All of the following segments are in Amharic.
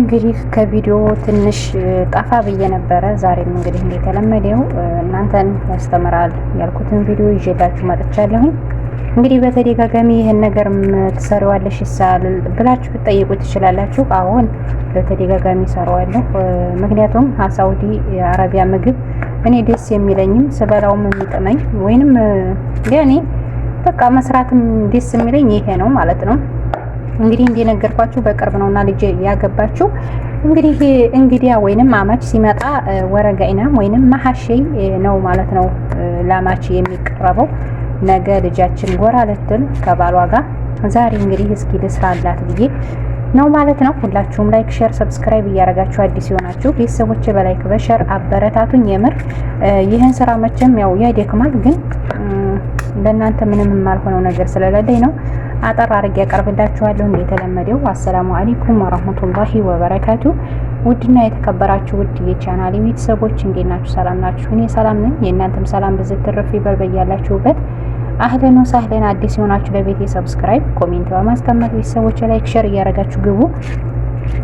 እንግዲህ ከቪዲዮ ትንሽ ጠፋ ብዬ ነበረ። ዛሬም እንግዲህ እንደተለመደው እናንተን ያስተምራል ያልኩትን ቪዲዮ ይዤላችሁ መጥቻለሁኝ። እንግዲህ በተደጋጋሚ ይህን ነገር ትሰሪዋለሽ ይሳል ብላችሁ ብትጠይቁ ትችላላችሁ። አሁን በተደጋጋሚ ሰራዋለሁ። ምክንያቱም ሳውዲ አረቢያ ምግብ እኔ ደስ የሚለኝም ስበላውም የሚጥመኝ ወይንም ያኔ በቃ መስራትም ደስ የሚለኝ ይሄ ነው ማለት ነው። እንግዲህ እንደነገርኳችሁ በቅርብ ነውና ልጅ ያገባችው። እንግዲህ እንግዲያ ወይንም አማች ሲመጣ ወረጋይናም ወይንም መሀሸይ ነው ማለት ነው ለአማች የሚቀረበው። ነገ ልጃችን ጎራ ልትል ከባሏ ጋር ዛሬ እንግዲህ እስኪ ልስራ አላት ብዬ ነው ማለት ነው። ሁላችሁም ላይክ፣ ሼር፣ ሰብስክራይብ እያደረጋችሁ አዲስ የሆናችሁ ቤተሰቦች በላይክ በሸር አበረታቱኝ። የምር ይህን ስራ መቼም ያው ያደክማል ግን ለእናንተ ምንም የማልሆነው ነገር ስለሌለኝ ነው አጠር አድርጌ ያቀርብላችኋለሁ። እንደተለመደው አሰላሙ አለይኩም ወራህመቱላሂ ወበረካቱ። ውድና የተከበራችሁ ውድ የቻናል ቤተሰቦች እንዴት ናችሁ? ሰላም ናችሁ? እኔ ሰላም ነኝ። የእናንተም ሰላም ብዝት ትርፍ ይበል በያላችሁበት። አህለን ወሳህለን። አዲስ የሆናችሁ ለቤት ሰብስክራይብ፣ ኮሜንት በማስቀመጥ ቤተሰቦች ላይክ፣ ሸር እያደረጋችሁ ግቡ።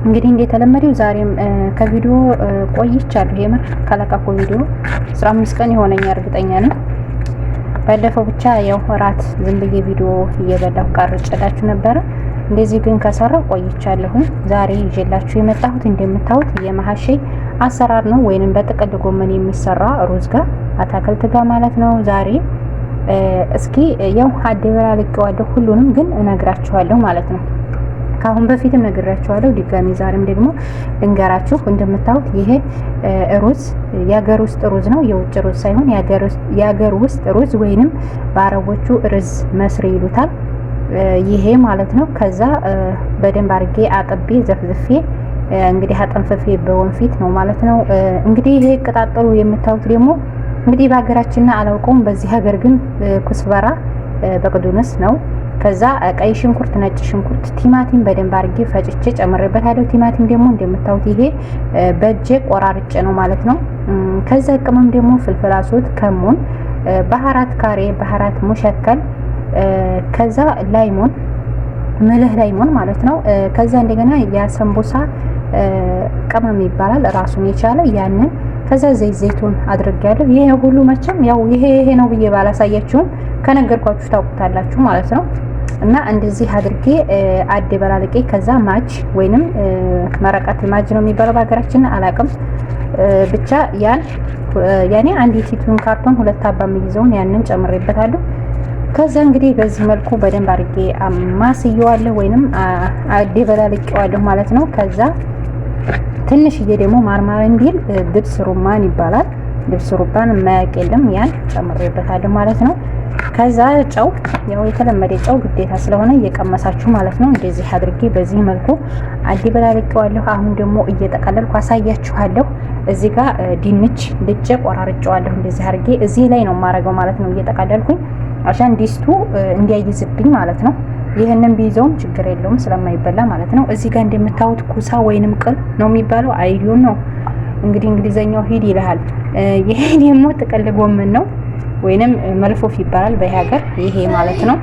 እንግዲህ እንደተለመደው ዛሬም ከቪዲዮ ቆይቻለሁ። የምር ከለቀኩ ቪዲዮ 15 ቀን የሆነኛ እርግጠኛ ነኝ ባለፈው ብቻ ያው እራት ዝም ብዬ ቪዲዮ እየበላሁ ቀርጬላችሁ ነበረ። እንደዚህ ግን ከሰራ ቆይቻለሁ። ዛሬ ይዤላችሁ የመጣሁት እንደምታዩት የመሀሼ አሰራር ነው፣ ወይንም በጥቅል ጎመን የሚሰራ ሩዝ ጋር አታክልት ጋር ማለት ነው። ዛሬ እስኪ ያው አደበላልቄዋለሁ ሁሉንም ግን እነግራችኋለሁ ማለት ነው። ከአሁን በፊትም ነግራችኋለሁ፣ ድጋሚ ዛሬም ደግሞ ልንገራችሁ። እንደምታዩት ይሄ ሩዝ የሀገር ውስጥ ሩዝ ነው፣ የውጭ ሩዝ ሳይሆን የሀገር ውስጥ ሩዝ ወይንም በአረቦቹ ርዝ መስሪ ይሉታል። ይሄ ማለት ነው። ከዛ በደንብ አድርጌ አጥቤ ዘፍዝፌ እንግዲህ አጠንፈፌ በወንፊት ነው ማለት ነው። እንግዲህ ይሄ ቅጣጠሉ የምታዩት ደግሞ እንግዲህ በሀገራችንና አላውቀውም፣ በዚህ ሀገር ግን ኩስበራ በቅዱንስ ነው ከዛ ቀይ ሽንኩርት፣ ነጭ ሽንኩርት፣ ቲማቲም በደንብ አድርጌ ፈጭቼ ጨምሬበታለሁ። ቲማቲም ደግሞ እንደምታዩት ይሄ በእጄ ቆራርጬ ነው ማለት ነው። ከዛ ቅመም ደግሞ ፍልፍል አስወድ፣ ከሙን፣ ባህራት ካሬ፣ ባህራት ሙሸከል፣ ከዛ ላይሞን፣ ምልህ ላይሞን ማለት ነው። ከዛ እንደገና የሰንቦሳ ቅመም ይባላል ራሱን የቻለ ያንን። ከዛ ዘይት ዘይቱን አድርጌያለሁ። ይሄ ሁሉ መቼም ያው ይሄ ይሄ ነው ብዬ ባላሳያችሁም ከነገርኳችሁ ታውቁታላችሁ ማለት ነው። እና እንደዚህ አድርጌ አዴ በላልቄ ከዛ ማች ወይንም መረቃት ማጅ ነው የሚባለው በሀገራችን አላቅም። ብቻ ያን ያኔ አንድ የቲቱን ካርቶን ሁለት አባ የሚይዘውን ያንን ጨምሬበታለሁ። ከዛ እንግዲህ በዚህ መልኩ በደንብ አድርጌ ማስየዋለሁ ወይንም አዴ አደበላልቄዋለሁ ማለት ነው። ከዛ ትንሽዬ ደግሞ ማርማር እንዲል ድብስ ሩማን ይባላል። ድብስ ሩማን የማያውቅ የለም ያን ጨምሬበታለሁ ማለት ነው። ከዛ ጨው ያው የተለመደ ጨው ግዴታ ስለሆነ እየቀመሳችሁ ማለት ነው። እንደዚህ አድርጌ በዚህ መልኩ አደበላልቄዋለሁ። አሁን ደግሞ እየጠቀለልኩ አሳያችኋለሁ። እዚህ ጋር ድንች ልጬ ቆራርጬዋለሁ። እንደዚህ አድርጌ እዚህ ላይ ነው የማረገው ማለት ነው። እየጠቀለልኩኝ አሻን ዲስቱ እንዲያይዝብኝ ማለት ነው። ይህንን ቢይዘውም ችግር የለውም ስለማይበላ ማለት ነው። እዚህ ጋር እንደምታዩት ኩሳ ወይንም ቅል ነው የሚባለው አይዲዮ ነው እንግዲህ እንግሊዘኛው ሂድ ይልሃል። ይሄ ደግሞ ጥቅል ጎመን ነው። ወይንም መልፎፍ ይባላል በሀገር ይሄ ማለት ነው።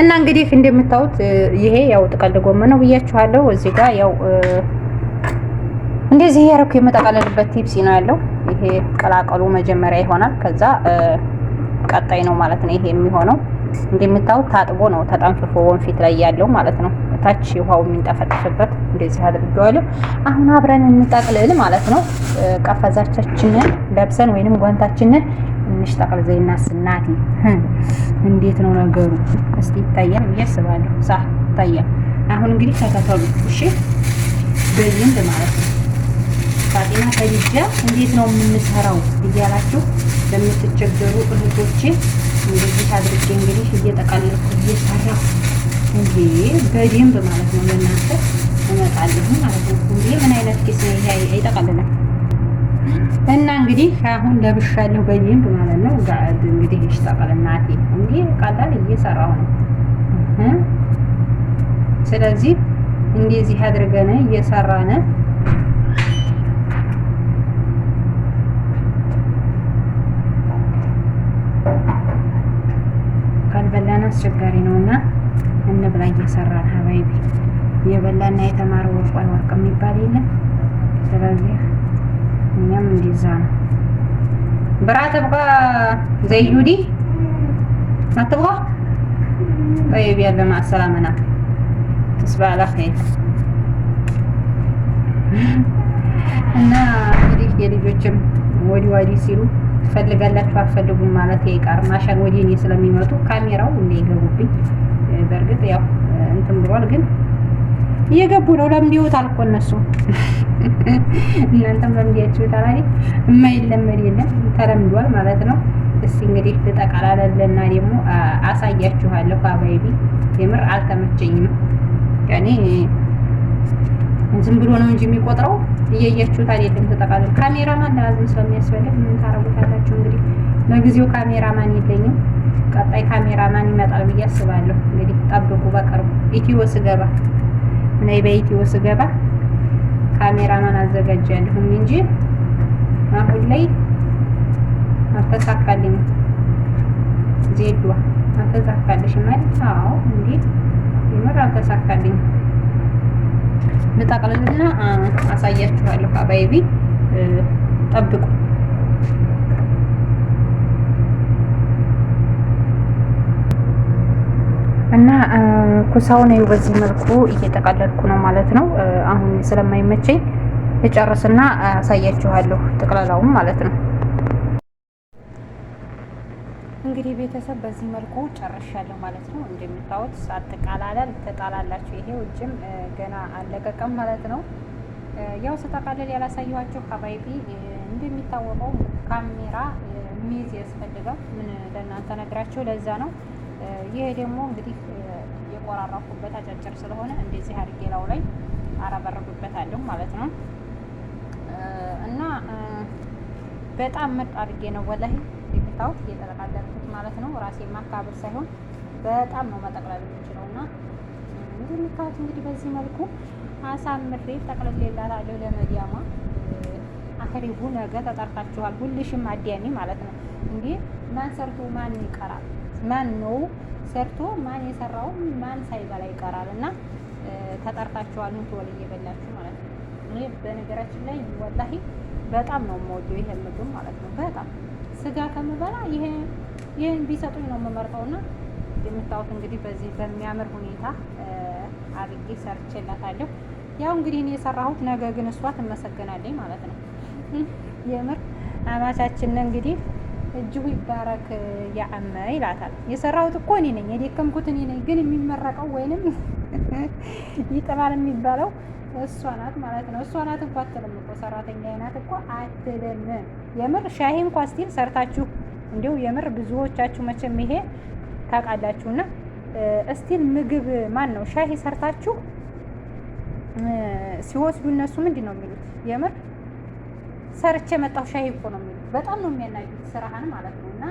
እና እንግዲህ እንደምታዩት ይሄ ያው ጥቅል ጎመን ነው ብያችኋለሁ። እዚህ ጋር ያው እንደዚህ ያረኩ የምጠቀለልበት ቲፕሲ ነው ያለው። ይሄ ቀላቀሉ መጀመሪያ ይሆናል፣ ከዛ ቀጣይ ነው ማለት ነው ይሄ የሚሆነው። እንደምታዩት ታጥቦ ነው ተጠንፍፎ ወንፊት ላይ ያለው ማለት ነው። ታች ውሃው የሚንጠፈጠፍበት እንደዚህ አድርገዋለሁ። አሁን አብረን እንጠቅልል ማለት ነው። ቀፈዛቻችንን ለብሰን ወይንም ጓንታችንን ትንሽ ጠቅልዘይ እና ስናቴ እንዴት ነው ነገሩ? እስቲ ይታያል ብዬ አስባለሁ። ሳ ይታያል። አሁን እንግዲህ ተከተሉ እሺ፣ በይንድ ማለት ነው። ፋጢማ ከዲጃ እንዴት ነው የምንሰራው እያላችሁ ለምትቸገሩ እህቶቼ እንደዚህ አድርጌ እንግዲህ እየጠቀለልኩ እየሰራሁ እንዴ በደንብ ማለት ነው ለእናንተ እመጣለሁ ማለት ነው። እንዴ ምን አይነት ኪስ ነው ይሄ አይጠቀልልም እና እንግዲህ አሁን ለብሻለሁ በይም ማለት ነው። ጋር እንግዲህ ይሽጠቀል እናቴ እንዲህ ቀላል እየሰራሁ ነው። ስለዚህ እንደዚህ አድርገን እየሰራን ካልበላን አስቸጋሪ ነውና እንብላ እየሰራን ሀባይቢ የበላና የተማረ ወርቁ ወርቅ የሚባል የለም። ስለዚህ እኛም እንደዛ ነው። ብራ ተብቃ ዘይዩዲ አትብቃ ጠይብ ያለ ማሰላመና ተስባ አላ ኸይር እና እንግዲህ የልጆችም ወዲ ወዲ ሲሉ ፈልጋላችሁ አትፈልጉም ማለት ይቃር ማሻን ወዲህ እኔ ስለሚመጡ ካሜራው እንዳይገቡብኝ በእርግጥ ያው እንትን ብሏል ግን እየገቡ ነው። ለምዲውታል እኮ እነሱ እናንተም ለምዲያችሁታል አይደል? የማይለመድ የለም ተለምዷል ማለት ነው። እስቲ እንግዲህ ትጠቃላለና ደግሞ አሳያችኋለሁ። አባይቢ የምር አልተመቸኝም። ያኔ ዝም ብሎ ነው እንጂ የሚቆጥረው እያያችሁት አይደለም። ተጠቃለል ካሜራማን ለያዝም ስለሚያስፈልግ ምን ታረጉታላችሁ እንግዲህ። ለጊዜው ካሜራማን የለኝም። ቀጣይ ካሜራማን ይመጣል ብዬ አስባለሁ። እንግዲህ ጠብቁ። በቅርቡ ኢትዮ ስገባ ነይ በኢትዮ ስገባ ካሜራማን አዘጋጃለሁም እንጂ አሁን ላይ አልተሳካልኝ። ዜዷ አልተሳካልሽ ማለት አዎ፣ እንዴ ይመር አልተሳካልኝ። ልጠቅልልና አሳያችኋለሁ። አባይቢ ጠብቁ። እና ኩሳውን ነው በዚህ መልኩ እየጠቀለልኩ ነው ማለት ነው። አሁን ስለማይመቸኝ እጨርስና አሳያችኋለሁ ጠቅላላውም ማለት ነው። እንግዲህ ቤተሰብ በዚህ መልኩ ጨርሻለሁ ማለት ነው። እንደምታዩት ሳትቀላላል ተጣላላችሁ። ይሄ ውጭም ገና አለቀቀም ማለት ነው። ያው ስጠቃለል ያላሳየኋችሁ ሀባይቢ እንደሚታወቀው ካሜራ ሚዝ ያስፈልጋል። ምን ለእናንተ ነግራችሁ ለዛ ነው ይሄ ደግሞ እንግዲህ የቆራረኩበት አጫጭር ስለሆነ እንደዚህ አድርጌ ላው ላይ አረበርብበታለሁ ማለት ነው። እና በጣም ምርጥ አድርጌ ነው ወላሂ የምታዩት እየጠለቃለልኩት ማለት ነው። ራሴ ማካበር ሳይሆን በጣም ነው መጠቅለል የምችለው እና እንደምታዩት እንግዲህ በዚህ መልኩ አሳምሬ ጠቅልሌላታለሁ ለመዲያማ አክሪቡ ነገ ተጠርታችኋል። ሁልሽም አዲያሚ ማለት ነው እንዴ ማንሰርቱ ማን ይቀራል? ማን ነው ሰርቶ ማን የሰራው ማን ሳይበላ ይቀራል። እና ተጠርታችኋል፣ ኑ ትወል እየበላችሁ ማለት ነው። እኔ በነገራችን ላይ ወላሂ በጣም ነው የምወደው ይሄ ምግብ ማለት ነው። በጣም ስጋ ከምበላ ይሄ ይሄን ቢሰጡኝ ነው የምመርጠው። እና የምታዩት እንግዲህ በዚህ በሚያምር ሁኔታ አድርጌ ሰርቼላታለሁ። ያው እንግዲህ እኔ የሰራሁት ነገ ግን እሷ ትመሰገናለኝ ማለት ነው። የምር አማቻችን እንግዲህ እጅሁ ይባረክ ያአመ ይላታል። የሰራሁት እኮ እኔ ነኝ፣ የደከምኩት እኔ ነኝ። ግን የሚመረቀው ወይንም ይጥማል የሚባለው እሷ ናት ማለት ነው። እሷ ናት እንኳ አትልም እኮ ሰራተኛ ናት እኮ አትልም። የምር ሻሂ እንኳ ስቲል ሰርታችሁ እንዲሁ የምር ብዙዎቻችሁ መቼም ይሄ ታውቃላችሁና እስቲል ምግብ ማን ነው ሻሂ ሰርታችሁ ሲወስዱ እነሱ ምንድን ነው የሚሉት? የምር ሰርቼ መጣሁ ሻሂ እኮ ነው የሚሉት በጣም ነው የሚያናዩት ስራህን ማለት ነው። እና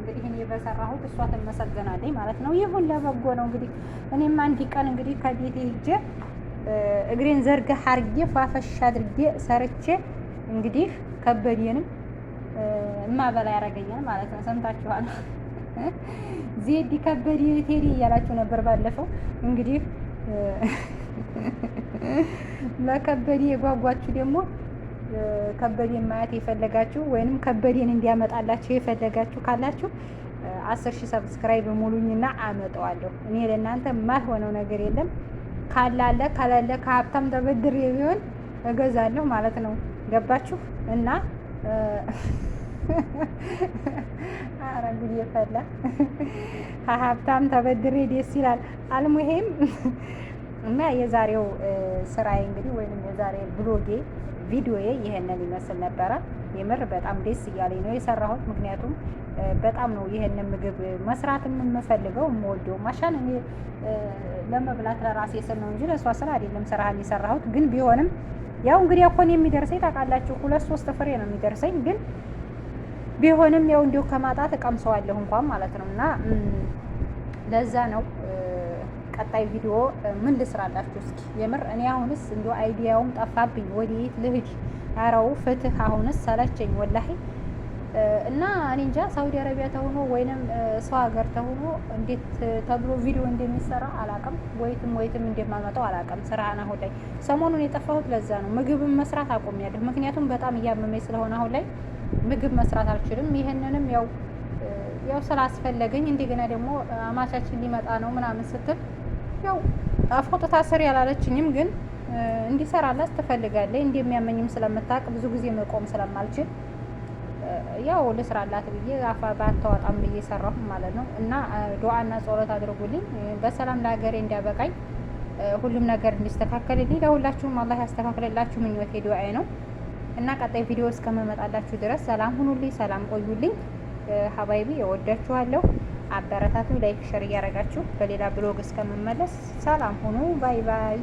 እንግዲህ እኔ በሰራሁት እሷ ትመሰገናለች ማለት ነው። ይሁን ለበጎ ነው እንግዲህ። እኔም አንድ ቀን እንግዲህ ከቤቴ ሂጄ እግሬን ዘርጋ ሀርጌ ፏፈሽ አድርጌ ሰርቼ እንግዲህ ከበዴንም እማበላ ያደርገኛል ማለት ነው። ሰምታችኋል። ዜድ ከበዴ ቴዲ እያላችሁ ነበር ባለፈው እንግዲህ ለከበዴ የጓጓችሁ ደግሞ ከበዴን ማየት የፈለጋችሁ ወይንም ከበዴን እንዲያመጣላችሁ የፈለጋችሁ ካላችሁ አስር ሺህ ሰብስክራይብ ሙሉኝና አመጣዋለሁ። እኔ ለእናንተ የማልሆነው ነገር የለም። ካላለ ካላለ ከሀብታም ተበድር የሚሆን እገዛለሁ ማለት ነው። ገባችሁ? እና ኧረ ጉድ ከሀብታም ተበድሬ ደስ ይላል። አልሙሄም እና የዛሬው ስራዬ እንግዲህ ወይም የዛሬ ብሎጌ ቪዲዮዬ ይህንን ይመስል ነበረ። የምር በጣም ደስ እያለኝ ነው የሰራሁት። ምክንያቱም በጣም ነው ይህንን ምግብ መስራት የምፈልገው የምወደው። ማሻን እኔ ለመብላት ለራሴ ስል ነው እንጂ ለእሷ ስራ አይደለም ስራህን የሰራሁት። ግን ቢሆንም ያው እንግዲህ አኮን የሚደርሰኝ ታውቃላችሁ፣ ሁለት ሶስት ፍሬ ነው የሚደርሰኝ። ግን ቢሆንም ያው እንዲሁ ከማጣት እቀምሰዋለሁ እንኳን ማለት ነው እና ለዛ ነው ቀጣይ ቪዲዮ ምን ልስራላችሁ? እስኪ የምር እኔ አሁንስ እንዲ አይዲያውም ጠፋብኝ። ወዴት ልሂድ? አረው ፍትህ አሁንስ ሰለቸኝ ወላሂ። እና እኔ እንጃ ሳውዲ አረቢያ ተሆኖ ወይንም ሰው ሀገር ተሆኖ እንዴት ተብሎ ቪዲዮ እንደሚሰራ አላቅም። ወይትም ወይትም እንደማመጣው አላቅም። ስራህን አሁን ላይ ሰሞኑን የጠፋሁት ለዛ ነው። ምግብም መስራት አቆሚያለሁ። ምክንያቱም በጣም እያመመኝ ስለሆነ አሁን ላይ ምግብ መስራት አልችልም። ይህንንም ያው ያው ስላስፈለገኝ እንደገና ደግሞ አማቻችን ሊመጣ ነው ምናምን ስትል ያው አፎጥታ ስሪ ያላለችኝም ግን እንዲሰራላት ትፈልጋለች። እንደሚያመኝም ስለምታውቅ ብዙ ጊዜ መቆም ስለማልችል ያው ልስራላት ብዬ አፋ ባታወጣም ብዬ ሰራሁ ማለት ነው። እና ዱዓና ጸሎት አድርጉልኝ በሰላም ለሀገሬ እንዲያበቃኝ ሁሉም ነገር እንዲስተካከልልኝ ለሁላችሁም አላህ ያስተካክልላችሁ ምኞቴ ዱዓዬ ነው። እና ቀጣይ ቪዲዮ እስከመመጣላችሁ ድረስ ሰላም ሁኑልኝ፣ ሰላም ቆዩልኝ። ሀባይቢ እወዳችኋለሁ። አበረታቱ። ላይክ ሸር እያደረጋችሁ በሌላ ብሎግ እስከምመለስ ሰላም ሁኑ። ባይ ባይ።